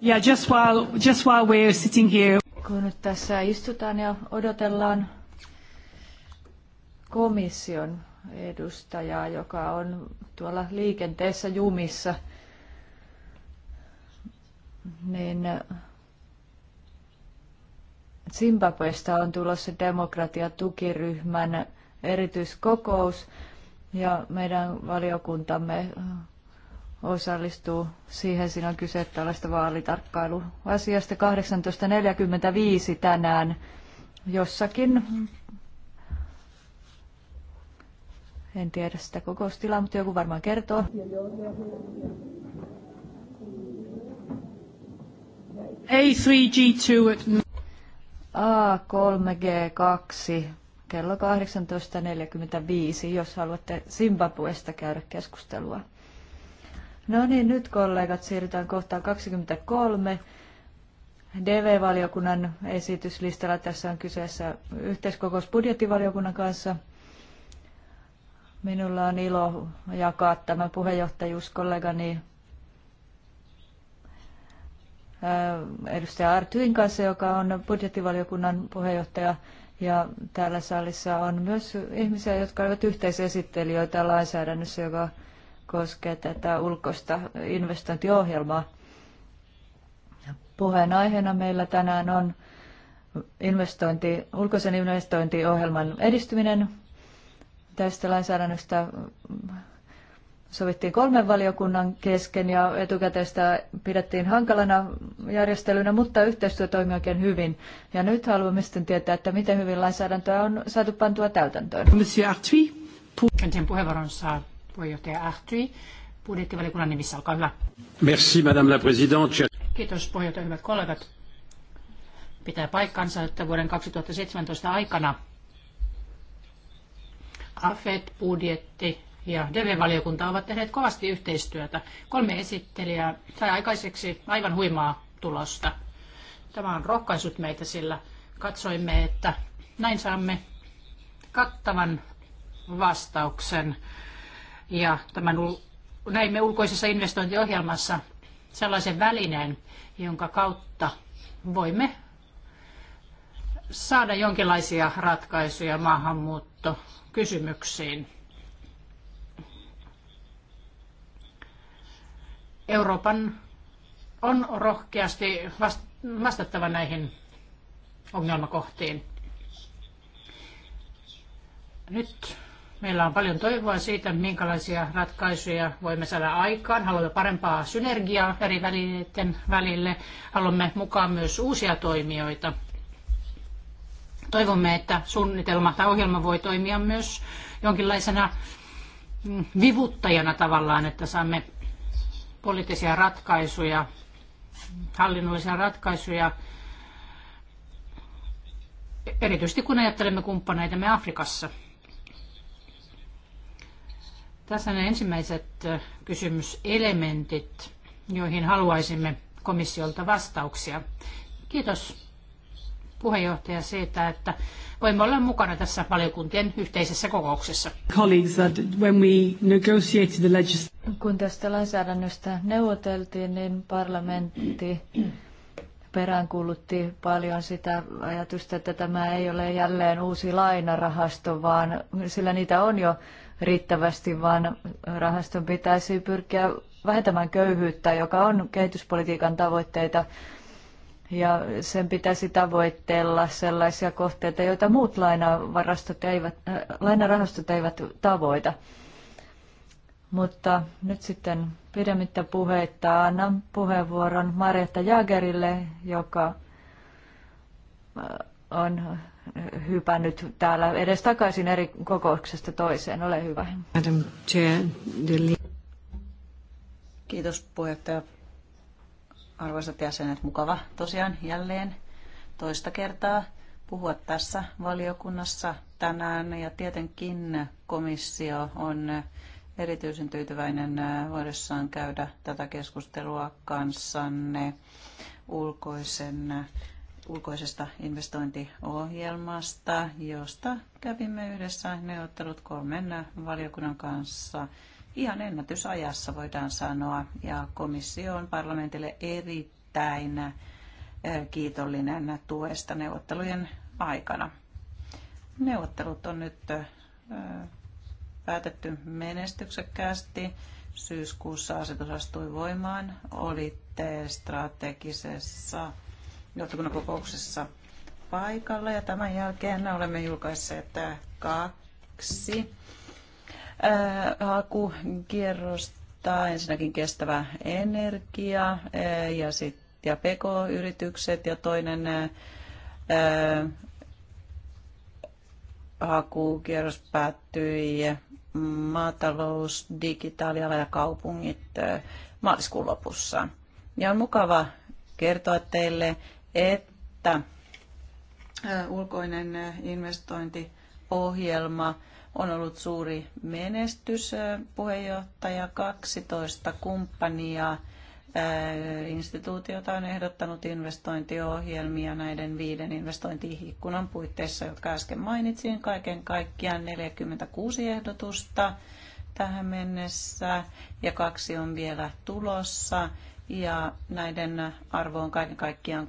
Yeah, just while, just while we're sitting here. Kun nyt tässä istutaan ja odotellaan komission edustajaa, joka on tuolla liikenteessä jumissa, niin Zimbabwesta on tulossa demokratiatukiryhmän erityiskokous ja meidän valiokuntamme osallistuu siihen. Siinä on kyse tällaista vaalitarkkailuasiasta 18.45 tänään jossakin. En tiedä sitä kokoustilaa, mutta joku varmaan kertoo. A3G2 A3G2 kello 18.45, jos haluatte Zimbabwesta käydä keskustelua. No niin, nyt kollegat, siirrytään kohtaan 23. DV-valiokunnan esityslistalla tässä on kyseessä yhteiskokous budjettivaliokunnan kanssa. Minulla on ilo jakaa tämä puheenjohtajuus kollegani edustaja Artyin kanssa, joka on budjettivaliokunnan puheenjohtaja ja täällä salissa on myös ihmisiä, jotka ovat yhteisesittelijöitä lainsäädännössä, joka koskee tätä ulkoista investointiohjelmaa. Puheenaiheena meillä tänään on investointi, ulkoisen investointiohjelman edistyminen. Tästä lainsäädännöstä sovittiin kolmen valiokunnan kesken ja etukäteistä pidettiin hankalana järjestelynä, mutta yhteistyö toimi oikein hyvin. Ja nyt haluamme sitten tietää, että miten hyvin lainsäädäntöä on saatu pantua täytäntöön. Monsieur puheenvuoron saa puheenjohtaja Artui. Budjettivaliokunnan nimissä, olkaa hyvä. Merci, madame la présidente. Kiitos puheenjohtaja, hyvät kollegat. Pitää paikkansa, että vuoden 2017 aikana AFET-budjetti ja DV-valiokunta ovat tehneet kovasti yhteistyötä. Kolme esittelijää sai aikaiseksi aivan huimaa tulosta. Tämä on rohkaisut meitä, sillä katsoimme, että näin saamme kattavan vastauksen. Ja tämän näimme ulkoisessa investointiohjelmassa sellaisen välineen, jonka kautta voimme saada jonkinlaisia ratkaisuja maahanmuuttokysymyksiin. Euroopan on rohkeasti vastattava näihin ongelmakohtiin. Nyt meillä on paljon toivoa siitä, minkälaisia ratkaisuja voimme saada aikaan. Haluamme parempaa synergiaa eri välineiden välille. Haluamme mukaan myös uusia toimijoita. Toivomme, että suunnitelma tai ohjelma voi toimia myös jonkinlaisena vivuttajana tavallaan, että saamme poliittisia ratkaisuja, hallinnollisia ratkaisuja, erityisesti kun ajattelemme kumppaneitamme Afrikassa. Tässä ne ensimmäiset kysymyselementit, joihin haluaisimme komissiolta vastauksia. Kiitos puheenjohtaja siitä, että voimme olla mukana tässä valiokuntien yhteisessä kokouksessa. Kun tästä lainsäädännöstä neuvoteltiin, niin parlamentti peräänkuulutti paljon sitä ajatusta, että tämä ei ole jälleen uusi lainarahasto, vaan sillä niitä on jo riittävästi, vaan rahaston pitäisi pyrkiä vähentämään köyhyyttä, joka on kehityspolitiikan tavoitteita ja sen pitäisi tavoitella sellaisia kohteita, joita muut lainavarastot eivät, äh, lainarahastot eivät tavoita. Mutta nyt sitten pidemmittä puheitta annan puheenvuoron Marjatta Jagerille, joka äh, on hypännyt täällä edes takaisin eri kokouksesta toiseen. Ole hyvä. Kiitos puheenjohtaja arvoisat jäsenet, mukava tosiaan jälleen toista kertaa puhua tässä valiokunnassa tänään. Ja tietenkin komissio on erityisen tyytyväinen voidessaan käydä tätä keskustelua kanssanne ulkoisen, ulkoisesta investointiohjelmasta, josta kävimme yhdessä neuvottelut kolmen valiokunnan kanssa – ihan ennätysajassa voidaan sanoa. Ja komissio on parlamentille erittäin eh, kiitollinen tuesta neuvottelujen aikana. Neuvottelut on nyt eh, päätetty menestyksekkäästi. Syyskuussa asetus astui voimaan. Olitte strategisessa johtokunnan kokouksessa paikalla ja tämän jälkeen olemme julkaisseet kaksi hakukierrosta, äh, ensinnäkin kestävä energia äh, ja, sit, ja PK-yritykset ja toinen ää, äh, hakukierros päättyi maatalous, digitaaliala ja kaupungit maaliskuun lopussa. Ja on mukava kertoa teille, että ulkoinen investointiohjelma – on ollut suuri menestys. Puheenjohtaja 12 kumppania instituutiota on ehdottanut investointiohjelmia näiden viiden investointiikkunan puitteissa, jotka äsken mainitsin. Kaiken kaikkiaan 46 ehdotusta tähän mennessä ja kaksi on vielä tulossa. Ja näiden arvo on kaiken kaikkiaan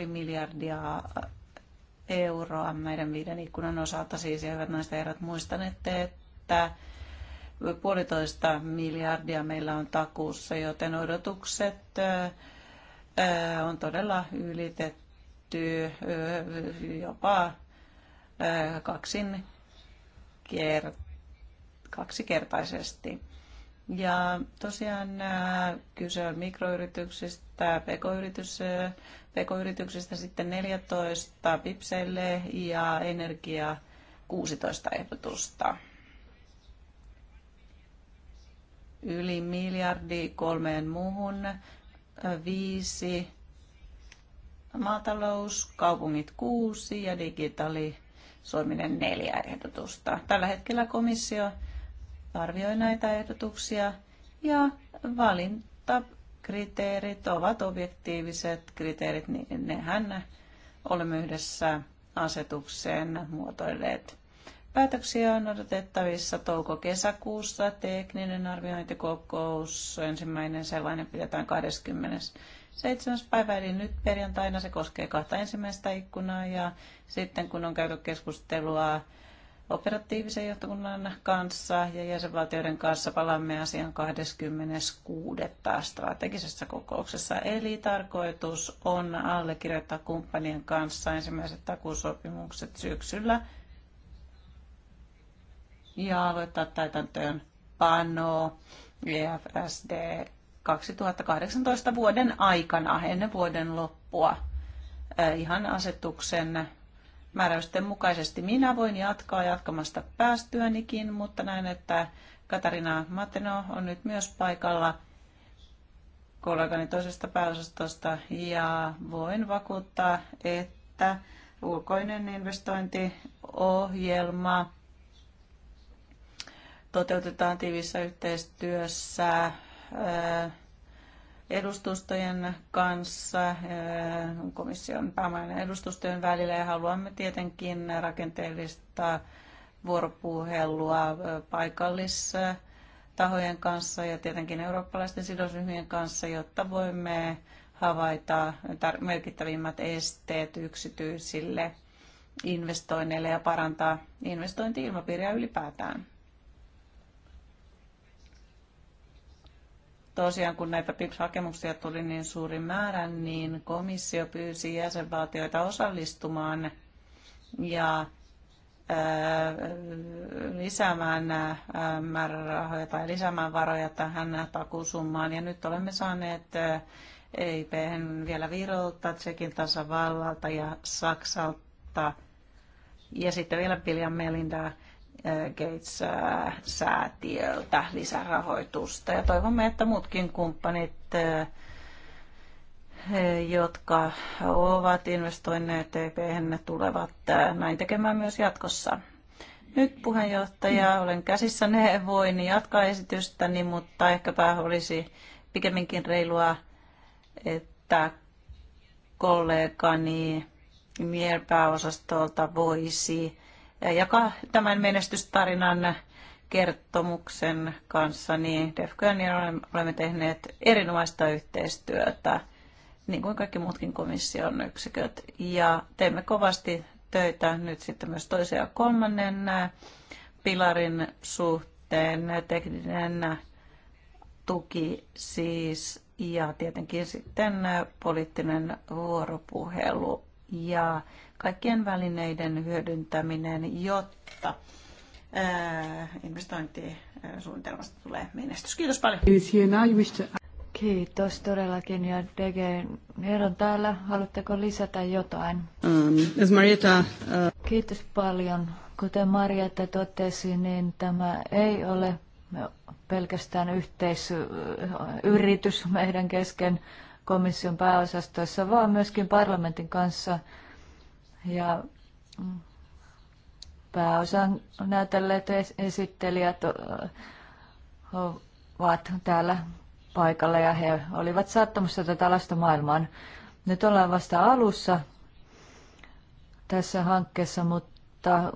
3,5 miljardia euroa meidän viiden ikkunan osalta. Siis naiset näistä herrat, muistanette, että puolitoista miljardia meillä on takuussa, joten odotukset on todella ylitetty jopa kaksin kert- kaksikertaisesti. Ja tosiaan äh, kyse on mikroyrityksistä, pekoyritys, äh, pekoyrityksistä sitten 14 pipseille ja energia 16 ehdotusta. Yli miljardi kolmeen muuhun, äh, viisi maatalous, kaupungit kuusi ja digitaalisoiminen Suominen neljä ehdotusta. Tällä hetkellä komissio arvioi näitä ehdotuksia ja valintakriteerit ovat objektiiviset kriteerit, niin nehän olemme yhdessä asetukseen muotoilleet. Päätöksiä on odotettavissa touko-kesäkuussa. Tekninen arviointikokous, ensimmäinen sellainen pidetään 27. päivä, eli nyt perjantaina se koskee kahta ensimmäistä ikkunaa. Ja sitten kun on käyty keskustelua operatiivisen johtokunnan kanssa ja jäsenvaltioiden kanssa palaamme asian 26. strategisessa kokouksessa. Eli tarkoitus on allekirjoittaa kumppanien kanssa ensimmäiset takuusopimukset syksyllä ja aloittaa täytäntöön pano EFSD 2018 vuoden aikana ennen vuoden loppua äh, ihan asetuksen määräysten mukaisesti. Minä voin jatkaa jatkamasta päästyönikin, mutta näen, että Katarina Mateno on nyt myös paikalla kollegani toisesta pääosastosta ja voin vakuuttaa, että ulkoinen investointiohjelma toteutetaan tiivissä yhteistyössä edustustojen kanssa, eh, komission päämainen edustustojen välillä ja haluamme tietenkin rakenteellista vuoropuhelua eh, paikallistahojen tahojen kanssa ja tietenkin eurooppalaisten sidosryhmien kanssa, jotta voimme havaita merkittävimmät esteet yksityisille investoinneille ja parantaa investointi-ilmapiiriä ylipäätään. tosiaan kun näitä PIPS-hakemuksia tuli niin suuri määrä, niin komissio pyysi jäsenvaltioita osallistumaan ja lisäämään määrärahoja tai lisäämään varoja tähän takusummaan. Ja nyt olemme saaneet EIP vielä Virolta, Tsekin tasavallalta ja Saksalta ja sitten vielä Piljan Melindaa Gates-säätiöltä lisärahoitusta. Ja toivomme, että muutkin kumppanit, eh, jotka ovat investoineet EP, tulevat eh, näin tekemään myös jatkossa. Nyt puheenjohtaja, olen käsissä ne voin jatkaa esitystäni, mutta ehkäpä olisi pikemminkin reilua, että kollegani mielpääosastolta voisi jakaa tämän menestystarinan kertomuksen kanssa, niin Defcon niin olemme tehneet erinomaista yhteistyötä, niin kuin kaikki muutkin komission yksiköt. Ja teemme kovasti töitä nyt sitten myös toisen ja kolmannen pilarin suhteen, tekninen tuki siis ja tietenkin sitten poliittinen vuoropuhelu ja kaikkien välineiden hyödyntäminen, jotta investointisuunnitelmasta tulee menestys. Kiitos paljon. Kiitos todellakin. Ja DG Heron täällä, haluatteko lisätä jotain? Um, Marietta, uh... Kiitos paljon. Kuten Marietta totesi, niin tämä ei ole pelkästään yhteisyritys meidän kesken komission pääosastoissa, vaan myöskin parlamentin kanssa ja pääosan näytelleet esittelijät ovat täällä paikalla ja he olivat saattamassa tätä lasta maailmaan. Nyt ollaan vasta alussa tässä hankkeessa, mutta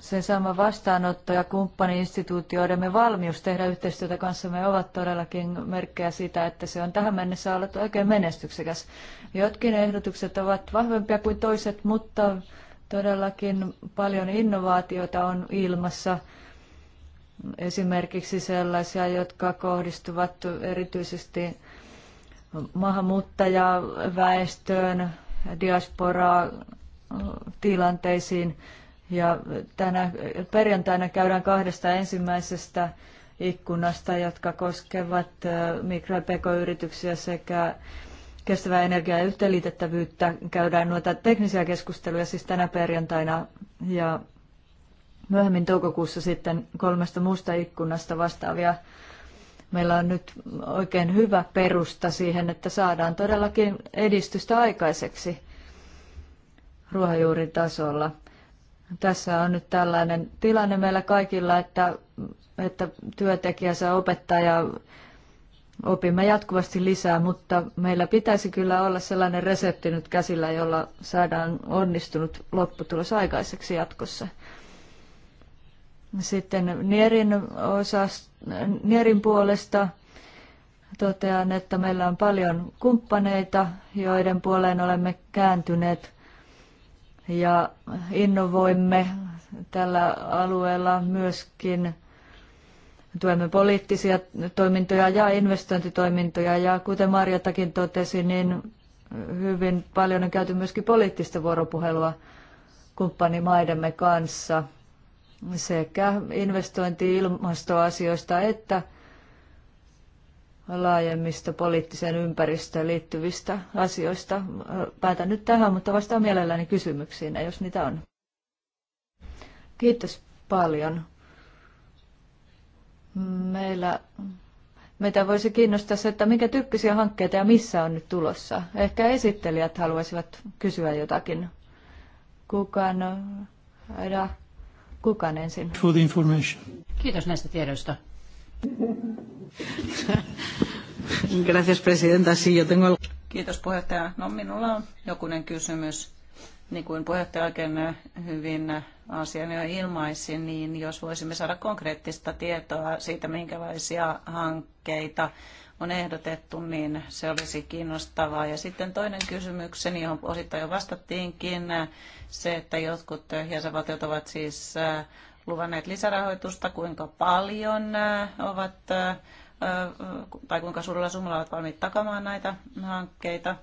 sen saama vastaanotto ja kumppaniinstituutioidemme valmius tehdä yhteistyötä kanssamme ovat todellakin merkkejä siitä, että se on tähän mennessä ollut oikein menestyksekäs. Jotkin ehdotukset ovat vahvempia kuin toiset, mutta todellakin paljon innovaatiota on ilmassa. Esimerkiksi sellaisia, jotka kohdistuvat erityisesti maahanmuuttajaväestöön, diasporaa, tilanteisiin ja tänä perjantaina käydään kahdesta ensimmäisestä ikkunasta, jotka koskevat mikro- ja pk-yrityksiä sekä kestävää energiaa ja yhteenliitettävyyttä. Käydään noita teknisiä keskusteluja siis tänä perjantaina ja myöhemmin toukokuussa sitten kolmesta muusta ikkunasta vastaavia. Meillä on nyt oikein hyvä perusta siihen, että saadaan todellakin edistystä aikaiseksi ruohonjuuritasolla. Tässä on nyt tällainen tilanne meillä kaikilla, että, että työntekijänsä opettaja opimme jatkuvasti lisää, mutta meillä pitäisi kyllä olla sellainen resepti nyt käsillä, jolla saadaan onnistunut lopputulos aikaiseksi jatkossa. Sitten Nierin, osas, Nierin puolesta totean, että meillä on paljon kumppaneita, joiden puoleen olemme kääntyneet ja innovoimme tällä alueella myöskin tuemme poliittisia toimintoja ja investointitoimintoja ja kuten Marjatakin totesi, niin hyvin paljon on käyty myöskin poliittista vuoropuhelua kumppanimaidemme kanssa sekä investointi-ilmastoasioista että laajemmista poliittiseen ympäristöön liittyvistä asioista. Päätän nyt tähän, mutta vastaan mielelläni kysymyksiin, jos niitä on. Kiitos paljon. Meillä, meitä voisi kiinnostaa se, että minkä tyyppisiä hankkeita ja missä on nyt tulossa. Ehkä esittelijät haluaisivat kysyä jotakin. Kukaan, aida, kukaan ensin. For the information. Kiitos näistä tiedoista. Gracias, presidenta. Sí, yo tengo... Kiitos puheenjohtaja. No, minulla on jokunen kysymys. Niin kuin puheenjohtaja oikein äh, hyvin äh, asian jo ilmaisi, niin jos voisimme saada konkreettista tietoa siitä, minkälaisia hankkeita on ehdotettu, niin se olisi kiinnostavaa. Ja sitten toinen kysymykseni, johon osittain jo vastattiinkin, äh, se, että jotkut jäsenvaltiot ovat siis luvanneet lisärahoitusta, kuinka paljon äh, ovat äh, tai kuinka suurella summalla ovat valmiit takamaan näitä hankkeita.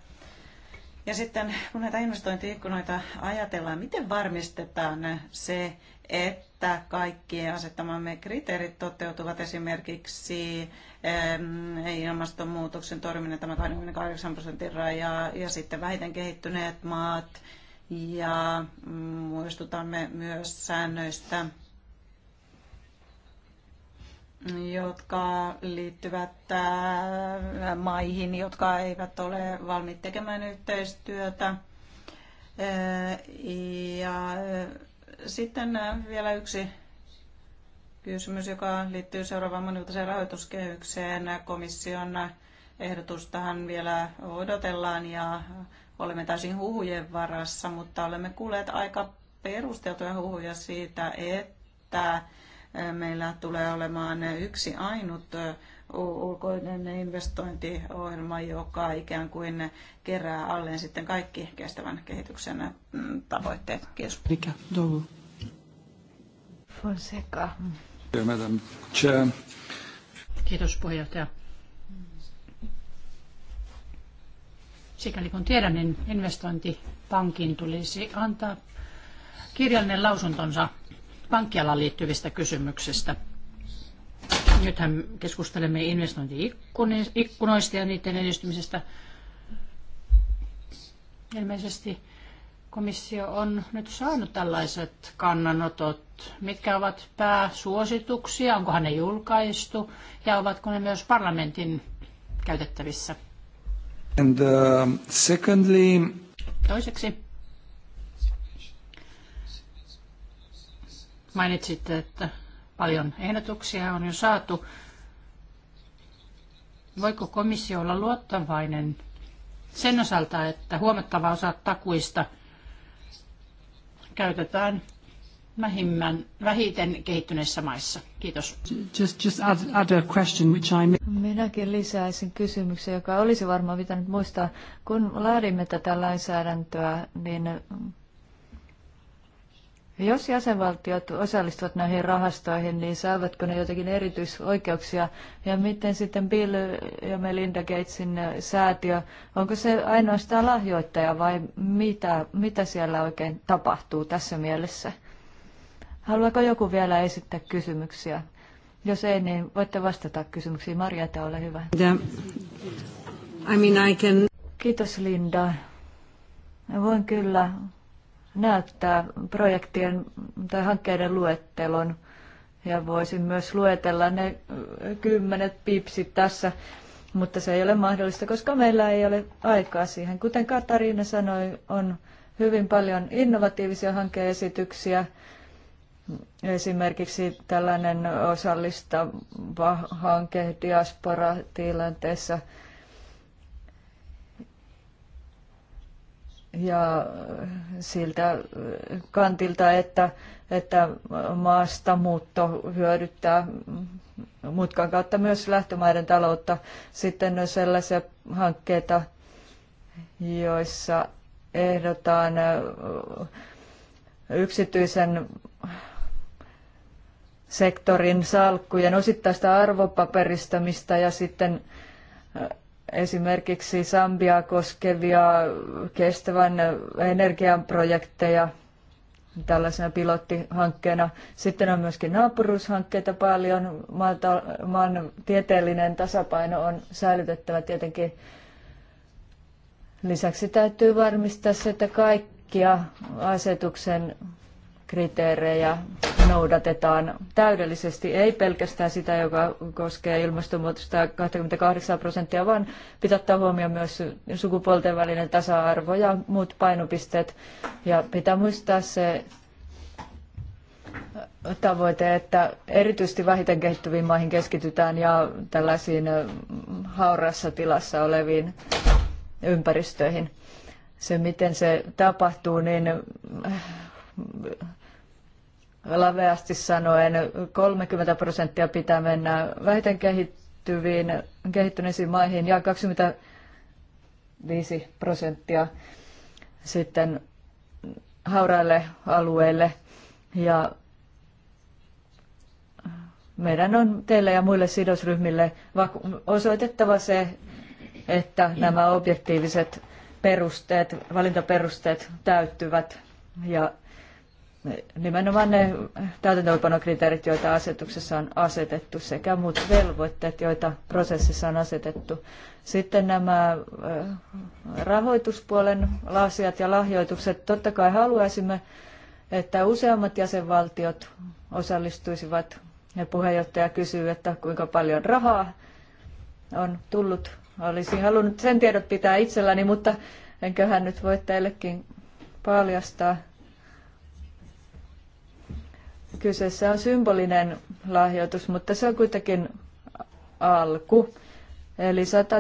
Ja sitten kun näitä investointiikkunoita ajatellaan, miten varmistetaan se, että kaikki asettamamme kriteerit toteutuvat esimerkiksi ilmastonmuutoksen torjuminen, tämä 28 prosentin raja ja sitten vähiten kehittyneet maat ja muistutamme myös säännöistä jotka liittyvät äh, maihin, jotka eivät ole valmiit tekemään yhteistyötä. Äh, ja äh, sitten vielä yksi kysymys, joka liittyy seuraavaan monivuotiseen rahoituskehykseen. Komission ehdotustahan vielä odotellaan ja olemme täysin huhujen varassa, mutta olemme kuulleet aika perusteltuja huhuja siitä, että meillä tulee olemaan yksi ainut ulkoinen investointiohjelma, joka ikään kuin kerää alleen sitten kaikki kestävän kehityksen mm, tavoitteet. Kiitos. Fonseca. Kiitos puheenjohtaja. Sikäli kun tiedän, niin investointipankin tulisi antaa kirjallinen lausuntonsa pankkialaan liittyvistä kysymyksistä. Nythän keskustelemme investointiikkunoista ja niiden edistymisestä. Ilmeisesti komissio on nyt saanut tällaiset kannanotot. Mitkä ovat pääsuosituksia? Onkohan ne julkaistu? Ja ovatko ne myös parlamentin käytettävissä? And, uh, secondly... Toiseksi Mainitsitte, että paljon ehdotuksia on jo saatu. Voiko komissio olla luottavainen sen osalta, että huomattava osa takuista käytetään vähimmän, vähiten kehittyneissä maissa? Kiitos. Just, just add, add a question which I... Minäkin lisäisin kysymyksen, joka olisi varmaan pitänyt muistaa. Kun laadimme tätä lainsäädäntöä, niin jos jäsenvaltiot osallistuvat näihin rahastoihin, niin saavatko ne jotakin erityisoikeuksia? Ja miten sitten Bill ja Melinda Gatesin säätiö, onko se ainoastaan lahjoittaja vai mitä, mitä siellä oikein tapahtuu tässä mielessä? Haluaako joku vielä esittää kysymyksiä? Jos ei, niin voitte vastata kysymyksiin. Marjata, ole hyvä. I mean, I can... Kiitos Linda. Voin kyllä näyttää projektien tai hankkeiden luettelon ja voisin myös luetella ne kymmenet pipsit tässä, mutta se ei ole mahdollista, koska meillä ei ole aikaa siihen. Kuten Katariina sanoi, on hyvin paljon innovatiivisia hankeesityksiä, esimerkiksi tällainen osallistava hanke diaspora-tilanteessa – ja siltä kantilta, että, että muutto hyödyttää mutkan kautta myös lähtömaiden taloutta. Sitten on sellaisia hankkeita, joissa ehdotaan yksityisen sektorin salkkujen osittaista arvopaperistamista ja sitten esimerkiksi Sambiaa koskevia kestävän energian projekteja tällaisena pilottihankkeena. Sitten on myöskin naapuruushankkeita paljon. maan tieteellinen tasapaino on säilytettävä tietenkin. Lisäksi täytyy varmistaa se, että kaikkia asetuksen kriteerejä noudatetaan täydellisesti, ei pelkästään sitä, joka koskee ilmastonmuutosta 28 prosenttia, vaan pitää ottaa huomioon myös sukupuolten välinen tasa-arvo ja muut painopisteet. Ja pitää muistaa se tavoite, että erityisesti vähiten kehittyviin maihin keskitytään ja tällaisiin haurassa tilassa oleviin ympäristöihin. Se, miten se tapahtuu, niin laveasti sanoen 30 prosenttia pitää mennä vähiten kehittyviin, kehittyneisiin maihin ja 25 prosenttia sitten hauraille alueille. Ja meidän on teille ja muille sidosryhmille osoitettava se, että nämä objektiiviset perusteet, valintaperusteet täyttyvät ja nimenomaan ne täytäntöönpanokriteerit, joita asetuksessa on asetettu, sekä muut velvoitteet, joita prosessissa on asetettu. Sitten nämä rahoituspuolen asiat ja lahjoitukset. Totta kai haluaisimme, että useammat jäsenvaltiot osallistuisivat. Ja puheenjohtaja kysyy, että kuinka paljon rahaa on tullut. Olisin halunnut sen tiedot pitää itselläni, mutta enköhän nyt voi teillekin paljastaa. Kyseessä on symbolinen lahjoitus, mutta se on kuitenkin alku. Eli 100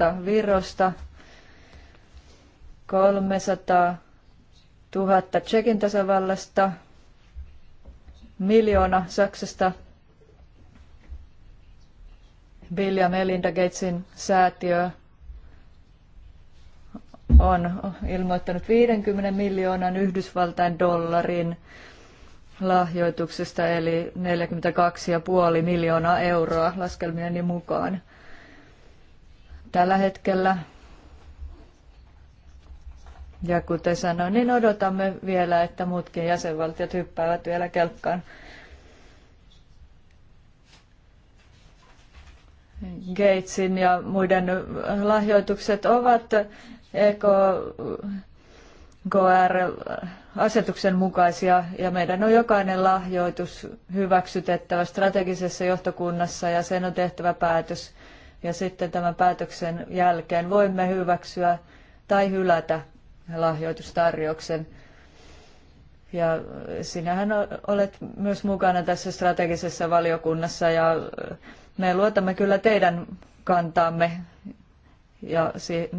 000 Virosta, 300 000 Tsekin tasavallasta, miljoona Saksasta, Bill ja Melinda Gatesin säätiö on ilmoittanut 50 miljoonan Yhdysvaltain dollarin lahjoituksesta, eli 42,5 miljoonaa euroa laskelmieni mukaan. Tällä hetkellä ja kuten sanoin, niin odotamme vielä, että muutkin jäsenvaltiot hyppäävät vielä kelkkaan. Gatesin ja muiden lahjoitukset ovat eko GOR-asetuksen mukaisia ja meidän on jokainen lahjoitus hyväksytettävä strategisessa johtokunnassa ja sen on tehtävä päätös. Ja sitten tämän päätöksen jälkeen voimme hyväksyä tai hylätä lahjoitustarjouksen. Ja sinähän olet myös mukana tässä strategisessa valiokunnassa ja me luotamme kyllä teidän kantaamme ja,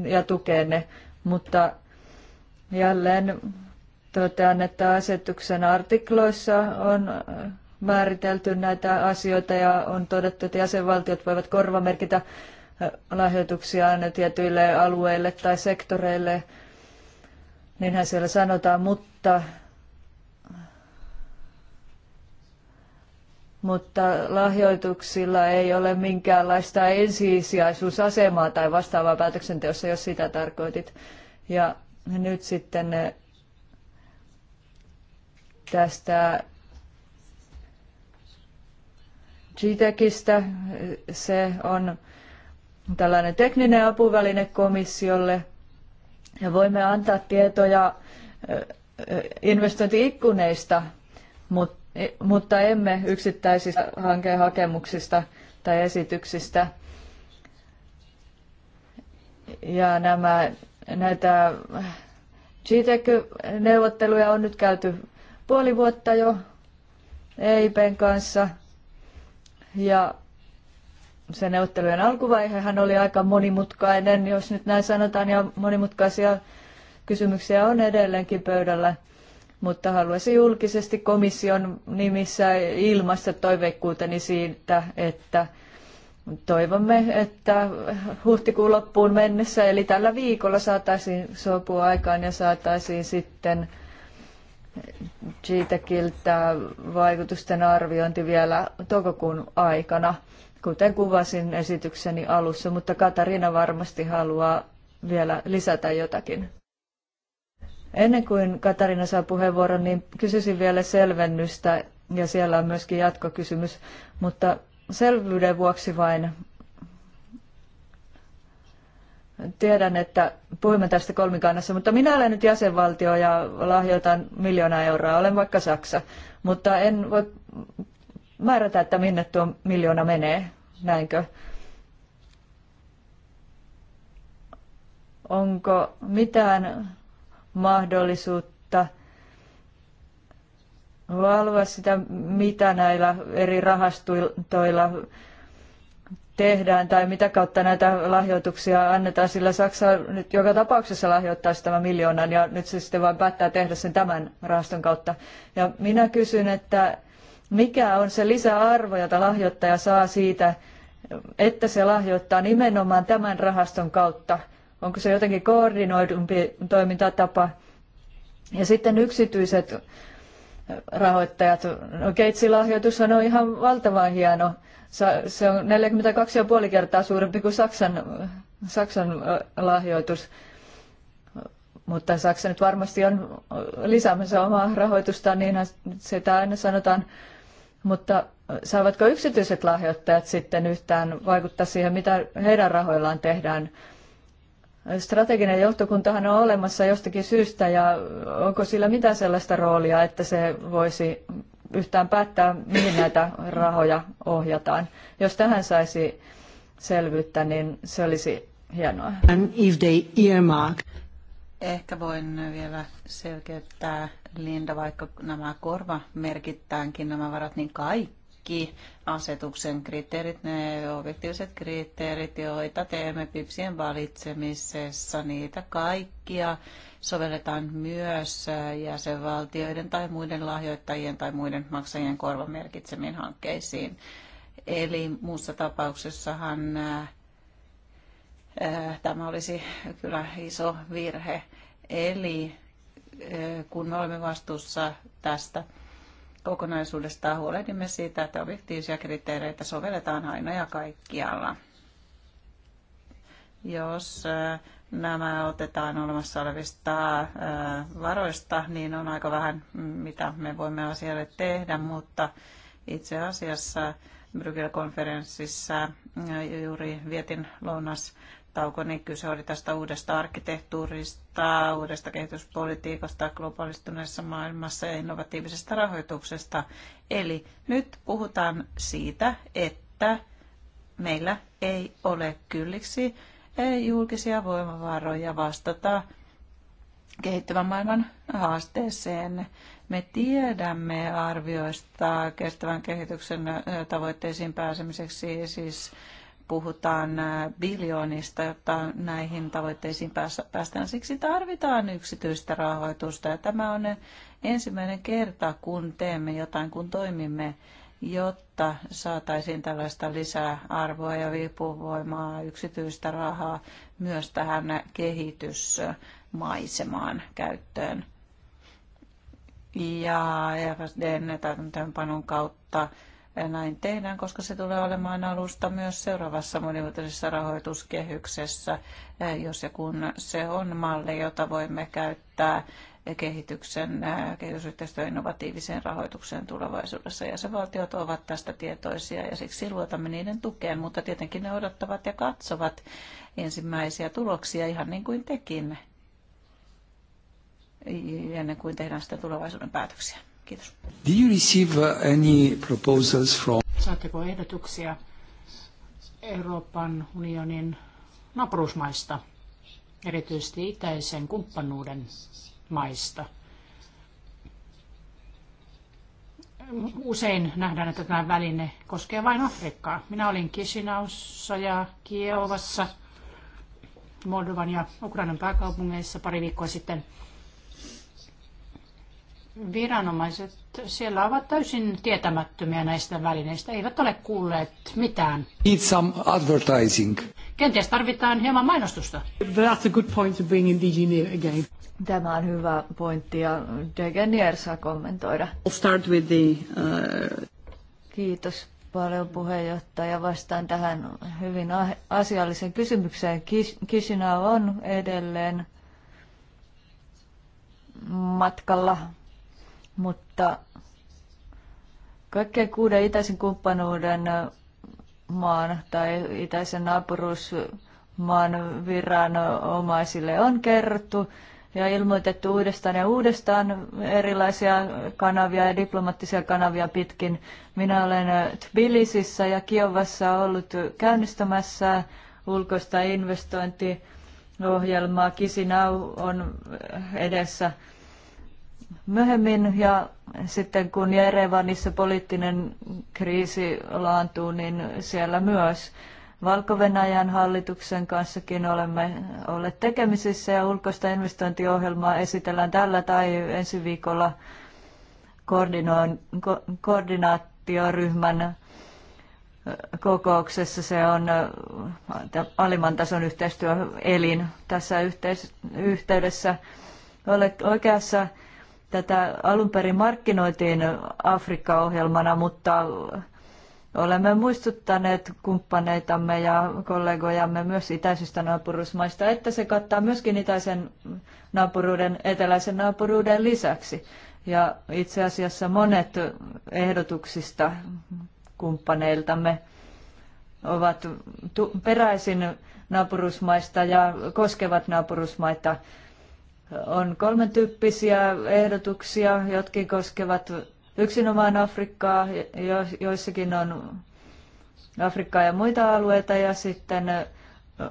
ja tukeenne, mutta Jälleen totean, että asetuksen artikloissa on äh, määritelty näitä asioita ja on todettu, että jäsenvaltiot voivat korvamerkitä äh, lahjoituksia tietyille alueille tai sektoreille, niinhän siellä sanotaan, mutta, mutta lahjoituksilla ei ole minkäänlaista ensisijaisuusasemaa tai vastaavaa päätöksenteossa, jos sitä tarkoitit. Ja nyt sitten eh, tästä eh, GTECistä. Eh, se on tällainen tekninen apuväline komissiolle ja voimme antaa tietoja investointiikkuneista, mutta emme yksittäisistä hankehakemuksista tai esityksistä. Ja nämä näitä GTEC-neuvotteluja on nyt käyty puoli vuotta jo EIPn kanssa. Ja se neuvottelujen alkuvaihehan oli aika monimutkainen, jos nyt näin sanotaan, ja monimutkaisia kysymyksiä on edelleenkin pöydällä. Mutta haluaisin julkisesti komission nimissä ilmaista toiveikkuuteni siitä, että Toivomme, että huhtikuun loppuun mennessä, eli tällä viikolla saataisiin sopua aikaan ja saataisiin sitten GTEKiltä vaikutusten arviointi vielä toukokuun aikana, kuten kuvasin esitykseni alussa, mutta Katarina varmasti haluaa vielä lisätä jotakin. Ennen kuin Katarina saa puheenvuoron, niin kysyisin vielä selvennystä, ja siellä on myöskin jatkokysymys, mutta selvyyden vuoksi vain tiedän, että puhumme tästä kolmikannassa, mutta minä olen nyt jäsenvaltio ja lahjoitan miljoona euroa. Olen vaikka Saksa, mutta en voi määrätä, että minne tuo miljoona menee. Näinkö? Onko mitään mahdollisuutta? valvoa sitä, mitä näillä eri rahastoilla tehdään tai mitä kautta näitä lahjoituksia annetaan, sillä Saksa nyt joka tapauksessa lahjoittaisi tämän miljoonan ja nyt se sitten vain päättää tehdä sen tämän rahaston kautta. Ja minä kysyn, että mikä on se lisäarvo, jota lahjoittaja saa siitä, että se lahjoittaa nimenomaan tämän rahaston kautta? Onko se jotenkin koordinoidumpi toimintatapa? Ja sitten yksityiset rahoittajat. No Gatesilahjoitushan on ihan valtavan hieno. Se on 42,5 kertaa suurempi kuin Saksan, Saksan lahjoitus. Mutta Saksa nyt varmasti on lisäämässä omaa rahoitustaan, niinhän sitä aina sanotaan. Mutta saavatko yksityiset lahjoittajat sitten yhtään vaikuttaa siihen, mitä heidän rahoillaan tehdään? Strateginen johtokuntahan on olemassa jostakin syystä ja onko sillä mitään sellaista roolia, että se voisi yhtään päättää, mihin näitä rahoja ohjataan. Jos tähän saisi selvyyttä, niin se olisi hienoa. And if they earmark. Ehkä voin vielä selkeyttää, Linda, vaikka nämä korva merkittäänkin nämä varat, niin kaikki kaikki asetuksen kriteerit, ne objektiiviset kriteerit, joita teemme pipsien valitsemisessa, niitä kaikkia sovelletaan myös jäsenvaltioiden tai muiden lahjoittajien tai muiden maksajien korvamerkitsemiin hankkeisiin. Eli muussa tapauksessahan ää, äh, tämä olisi kyllä iso virhe. Eli äh, kun me olemme vastuussa tästä kokonaisuudestaan huolehdimme siitä, että objektiivisia kriteereitä sovelletaan aina ja kaikkialla. Jos äh, nämä otetaan olemassa olevista äh, varoista, niin on aika vähän, mm, mitä me voimme asialle tehdä, mutta itse asiassa Brygel-konferenssissa äh, juuri vietin lounas tauko, niin kyse oli tästä uudesta arkkitehtuurista, uudesta kehityspolitiikasta globaalistuneessa maailmassa ja innovatiivisesta rahoituksesta. Eli nyt puhutaan siitä, että meillä ei ole kylliksi julkisia voimavaroja vastata kehittyvän maailman haasteeseen. Me tiedämme arvioista kestävän kehityksen tavoitteisiin pääsemiseksi siis puhutaan biljoonista, jotta näihin tavoitteisiin päästään. Siksi tarvitaan yksityistä rahoitusta ja tämä on ensimmäinen kerta, kun teemme jotain, kun toimimme, jotta saataisiin tällaista lisää arvoa ja viipuvoimaa yksityistä rahaa myös tähän kehitysmaisemaan käyttöön. Ja EFSDn täytäntöönpanon kautta näin tehdään, koska se tulee olemaan alusta myös seuraavassa monivuotisessa rahoituskehyksessä, jos ja kun se on malli, jota voimme käyttää kehityksen, kehitysyhteistyön innovatiiviseen rahoitukseen tulevaisuudessa. ja valtiot ovat tästä tietoisia ja siksi luotamme niiden tukeen, mutta tietenkin ne odottavat ja katsovat ensimmäisiä tuloksia ihan niin kuin tekin ennen kuin tehdään sitä tulevaisuuden päätöksiä. Kiitos. Did you receive uh, any proposals from... Saatteko ehdotuksia Euroopan unionin naapurusmaista, erityisesti itäisen kumppanuuden maista? Usein nähdään, että tämä väline koskee vain Afrikkaa. Minä olin Kisinaussa ja Kiovassa, Moldovan ja Ukrainan pääkaupungeissa pari viikkoa sitten – viranomaiset siellä ovat täysin tietämättömiä näistä välineistä, eivät ole kuulleet mitään. Need some advertising. Kenties tarvitaan hieman mainostusta. That's a good point to bring in DG again. Tämä on hyvä pointti ja Degenier saa kommentoida. I'll start with the, uh... Kiitos paljon puheenjohtaja. Vastaan tähän hyvin asialliseen kysymykseen. Kisina on edelleen matkalla mutta kaikkien kuuden itäisen kumppanuuden maan tai itäisen naapuruusmaan viranomaisille on kerrottu ja ilmoitettu uudestaan ja uudestaan erilaisia kanavia ja diplomaattisia kanavia pitkin. Minä olen Tbilisissä ja Kiovassa ollut käynnistämässä ulkoista investointiohjelmaa. Kisinau on edessä myöhemmin ja sitten kun Jerevanissa poliittinen kriisi laantuu, niin siellä myös valko hallituksen kanssakin olemme olleet tekemisissä ja ulkoista investointiohjelmaa esitellään tällä tai ensi viikolla ko, koordinaatioryhmän kokouksessa. Se on alimman tason yhteistyöelin tässä yhteydessä. Olet oikeassa Tätä alun perin markkinoitiin Afrikka-ohjelmana, mutta olemme muistuttaneet kumppaneitamme ja kollegojamme myös itäisistä naapurusmaista, että se kattaa myöskin itäisen naapuruuden, eteläisen naapuruuden lisäksi. Ja itse asiassa monet ehdotuksista kumppaneiltamme ovat peräisin naapurusmaista ja koskevat naapurusmaita on kolmen tyyppisiä ehdotuksia, jotkin koskevat yksinomaan Afrikkaa, joissakin on Afrikkaa ja muita alueita ja sitten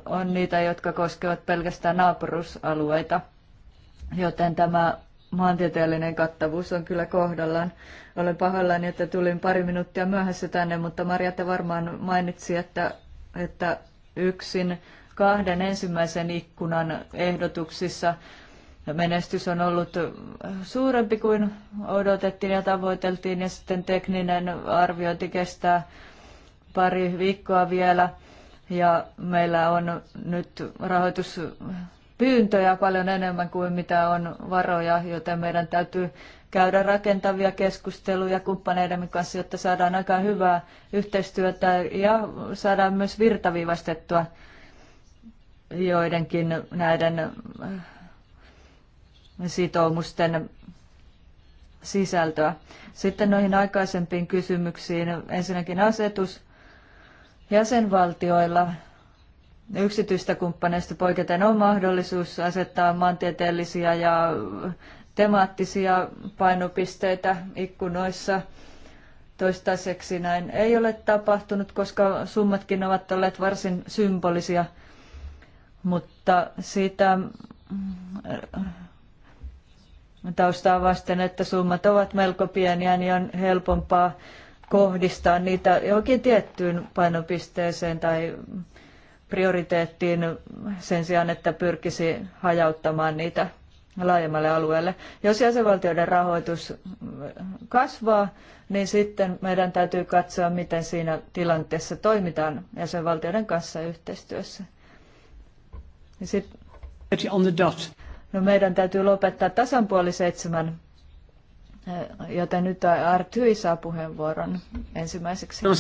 on niitä, jotka koskevat pelkästään naapurusalueita, joten tämä maantieteellinen kattavuus on kyllä kohdallaan. Olen pahoillani, että tulin pari minuuttia myöhässä tänne, mutta Marjatta varmaan mainitsi, että, että yksin kahden ensimmäisen ikkunan ehdotuksissa menestys on ollut suurempi kuin odotettiin ja tavoiteltiin ja sitten tekninen arviointi kestää pari viikkoa vielä ja meillä on nyt rahoituspyyntöjä paljon enemmän kuin mitä on varoja, joten meidän täytyy käydä rakentavia keskusteluja kumppaneidemme kanssa, jotta saadaan aika hyvää yhteistyötä ja saadaan myös virtaviivastettua joidenkin näiden sitoumusten sisältöä. Sitten noihin aikaisempiin kysymyksiin. Ensinnäkin asetus jäsenvaltioilla yksityistä kumppaneista poiketen on mahdollisuus asettaa maantieteellisiä ja temaattisia painopisteitä ikkunoissa. Toistaiseksi näin ei ole tapahtunut, koska summatkin ovat olleet varsin symbolisia, mutta siitä taustaa vasten, että summat ovat melko pieniä, niin on helpompaa kohdistaa niitä johonkin tiettyyn painopisteeseen tai prioriteettiin sen sijaan, että pyrkisi hajauttamaan niitä laajemmalle alueelle. Jos jäsenvaltioiden rahoitus kasvaa, niin sitten meidän täytyy katsoa, miten siinä tilanteessa toimitaan jäsenvaltioiden kanssa yhteistyössä. Ja sit... on the dot. No meidän täytyy lopettaa tasan puoli seitsemän, eh, joten nyt Artyi saa puheenvuoron ensimmäiseksi. No,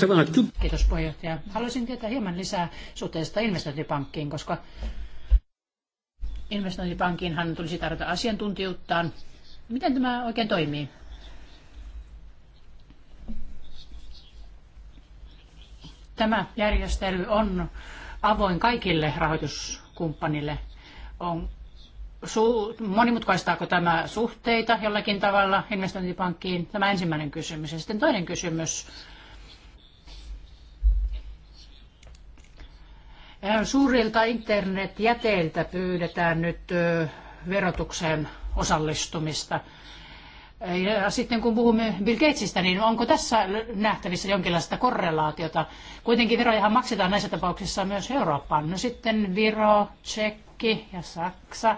Kiitos puheenjohtaja. Haluaisin tietää hieman lisää suhteesta investointipankkiin, koska investointipankkiinhan tulisi tarjota asiantuntijuuttaan. Miten tämä oikein toimii? Tämä järjestely on avoin kaikille rahoituskumppanille. On su- monimutkaistaako tämä suhteita jollakin tavalla investointipankkiin? Tämä ensimmäinen kysymys. Ja sitten toinen kysymys. Äh, suurilta internetjäteiltä pyydetään nyt verotukseen osallistumista. Äh, ja sitten kun puhumme Bill Gatesista, niin onko tässä nähtävissä jonkinlaista korrelaatiota? Kuitenkin verojahan maksetaan näissä tapauksissa myös Eurooppaan. No sitten Viro, Tsekki ja Saksa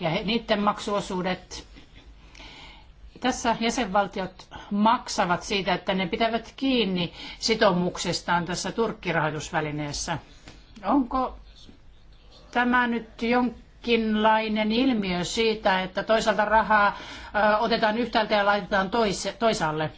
ja niiden maksuosuudet. Tässä jäsenvaltiot maksavat siitä, että ne pitävät kiinni sitoumuksestaan tässä turkkirahoitusvälineessä. Onko tämä nyt jonkinlainen ilmiö siitä, että toisaalta rahaa otetaan yhtäältä ja laitetaan toisaalle?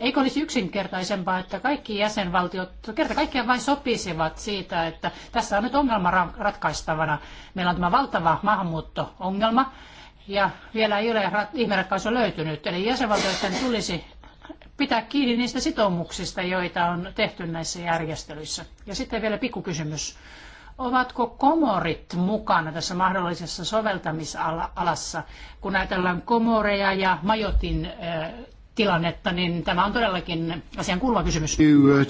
Eikö olisi yksinkertaisempaa, että kaikki jäsenvaltiot kerta kaikkiaan vain sopisivat siitä, että tässä on nyt ongelma ratkaistavana. Meillä on tämä valtava maahanmuutto-ongelma ja vielä ei ole ihmeratkaisu löytynyt. Eli jäsenvaltioiden tulisi pitää kiinni niistä sitoumuksista, joita on tehty näissä järjestelyissä. Ja sitten vielä kysymys Ovatko komorit mukana tässä mahdollisessa soveltamisalassa, kun ajatellaan komoreja ja majotin eh, tilannetta, niin tämä on todellakin asian kuuluva kysymys. Uh,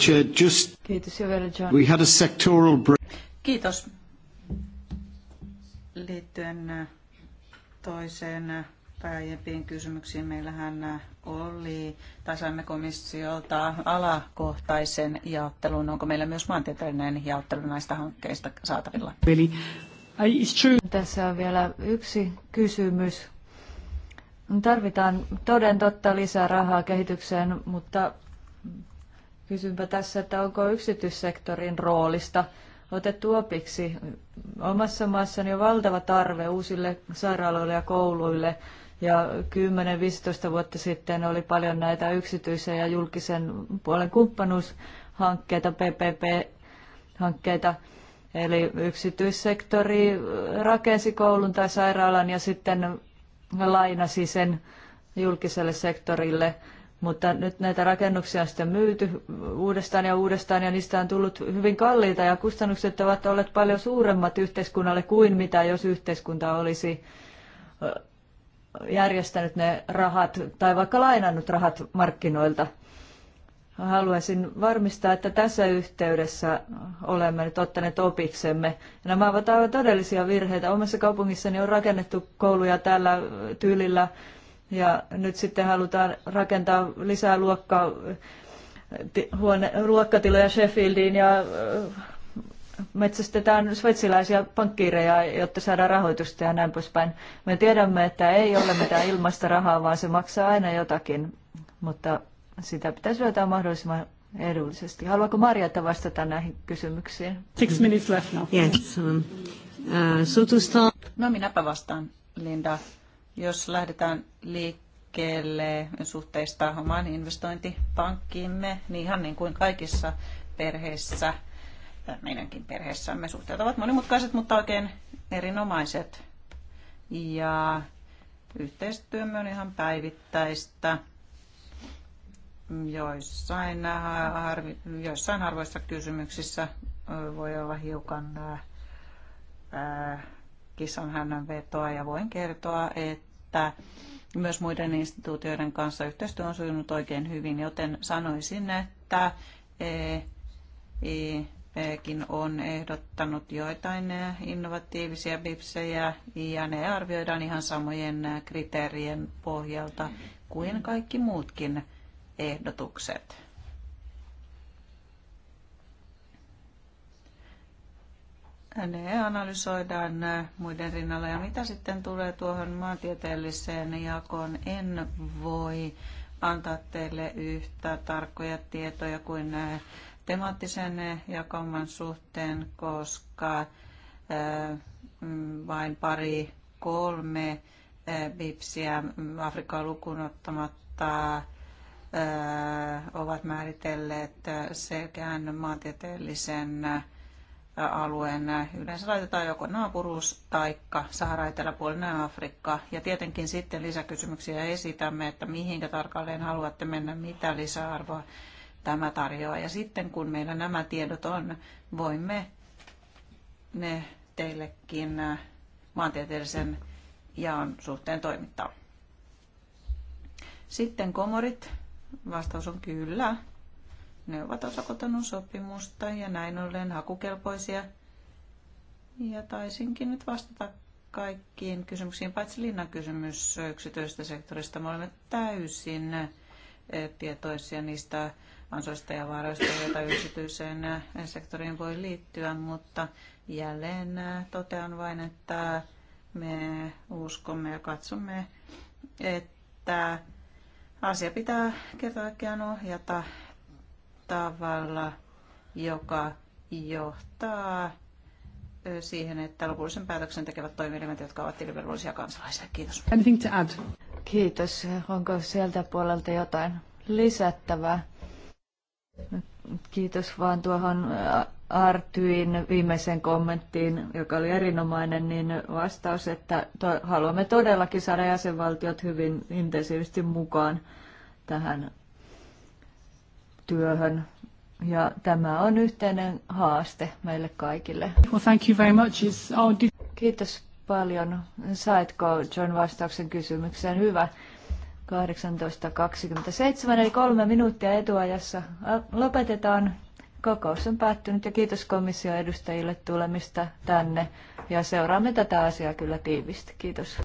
Kiitos jo John. We had a sectoral break. Kiitos. Liittyen uh, toiseen uh, pääaiempiin kysymyksiin meillähän oli, tai saimme komissiolta alakohtaisen jaottelun. Onko meillä myös maantieteellinen jaottelu näistä hankkeista saatavilla? Eli Tässä on vielä yksi kysymys Tarvitaan toden totta lisää rahaa kehitykseen, mutta kysynpä tässä, että onko yksityissektorin roolista otettu opiksi. Omassa maassani on valtava tarve uusille sairaaloille ja kouluille. Ja 10-15 vuotta sitten oli paljon näitä yksityisen ja julkisen puolen kumppanuushankkeita, PPP-hankkeita. Eli yksityissektori rakensi koulun tai sairaalan ja sitten lainasi sen julkiselle sektorille, mutta nyt näitä rakennuksia on sitten myyty uudestaan ja uudestaan ja niistä on tullut hyvin kalliita ja kustannukset ovat olleet paljon suuremmat yhteiskunnalle kuin mitä jos yhteiskunta olisi järjestänyt ne rahat tai vaikka lainannut rahat markkinoilta haluaisin varmistaa, että tässä yhteydessä olemme nyt ottaneet opiksemme. Nämä ovat aivan todellisia virheitä. Omassa kaupungissani on rakennettu kouluja tällä tyylillä ja nyt sitten halutaan rakentaa lisää luokkaa, huone, luokkatiloja Sheffieldiin ja metsästetään sveitsiläisiä pankkiireja, jotta saadaan rahoitusta ja näin poispäin. Me tiedämme, että ei ole mitään ilmaista rahaa, vaan se maksaa aina jotakin, mutta sitä pitäisi löytää mahdollisimman edullisesti. Haluaako Marjatta vastata näihin kysymyksiin? Six minutes left now. Yes. Um, uh, no minäpä vastaan, Linda. Jos lähdetään liikkeelle suhteista omaan investointipankkiimme, niin ihan niin kuin kaikissa perheissä, meidänkin perheessämme suhteet ovat monimutkaiset, mutta oikein erinomaiset. Ja yhteistyömme on ihan päivittäistä joissain, äh, harvi, joissain harvoissa kysymyksissä äh, voi olla hiukan äh, hännän vetoa ja voin kertoa, että myös muiden instituutioiden kanssa yhteistyö on sujunut oikein hyvin, joten sanoisin, että EIPkin on ehdottanut joitain innovatiivisia BIPsejä ja ne arvioidaan ihan samojen kriteerien pohjalta kuin kaikki muutkin ehdotukset. Ne analysoidaan muiden rinnalla. Ja mitä sitten tulee tuohon maantieteelliseen jakoon, en voi antaa teille yhtä tarkkoja tietoja kuin temaattisen jakoman suhteen, koska eh, vain pari kolme eh, bipsiä Afrikan lukuun ottamatta ovat määritelleet selkeän maantieteellisen alueen yleensä laitetaan joko naapuruus tai Sahara eteläpuolinen Afrikka. Ja tietenkin sitten lisäkysymyksiä esitämme, että mihinkä tarkalleen haluatte mennä, mitä lisäarvoa tämä tarjoaa. Ja sitten kun meillä nämä tiedot on, voimme ne teillekin maantieteellisen jaon suhteen toimittaa. Sitten komorit Vastaus on kyllä. Ne ovat osakotanut sopimusta ja näin ollen hakukelpoisia. Ja taisinkin nyt vastata kaikkiin kysymyksiin, paitsi Linnan kysymys yksityisestä sektorista. Me olemme täysin eh, tietoisia niistä ansoista ja vaaroista, joita yksityiseen eh, sektoriin voi liittyä, mutta jälleen eh, totean vain, että me uskomme ja katsomme, että asia pitää kerta kaikkiaan ohjata tavalla, joka johtaa siihen, että lopullisen päätöksen tekevät toimielimet, jotka ovat tilivelvollisia kansalaisia. Kiitos. Anything to add? Kiitos. Onko sieltä puolelta jotain lisättävää? Kiitos vaan tuohon Artyin viimeiseen kommenttiin, joka oli erinomainen, niin vastaus, että to, haluamme todellakin saada jäsenvaltiot hyvin intensiivisesti mukaan tähän työhön. Ja tämä on yhteinen haaste meille kaikille. Well, thank you very much. oh, Kiitos paljon. Saitko John vastauksen kysymykseen? Hyvä. 18.27 eli kolme minuuttia etuajassa lopetetaan. Kokous on päättynyt ja kiitos komission edustajille tulemista tänne ja seuraamme tätä asiaa kyllä tiivisti. Kiitos.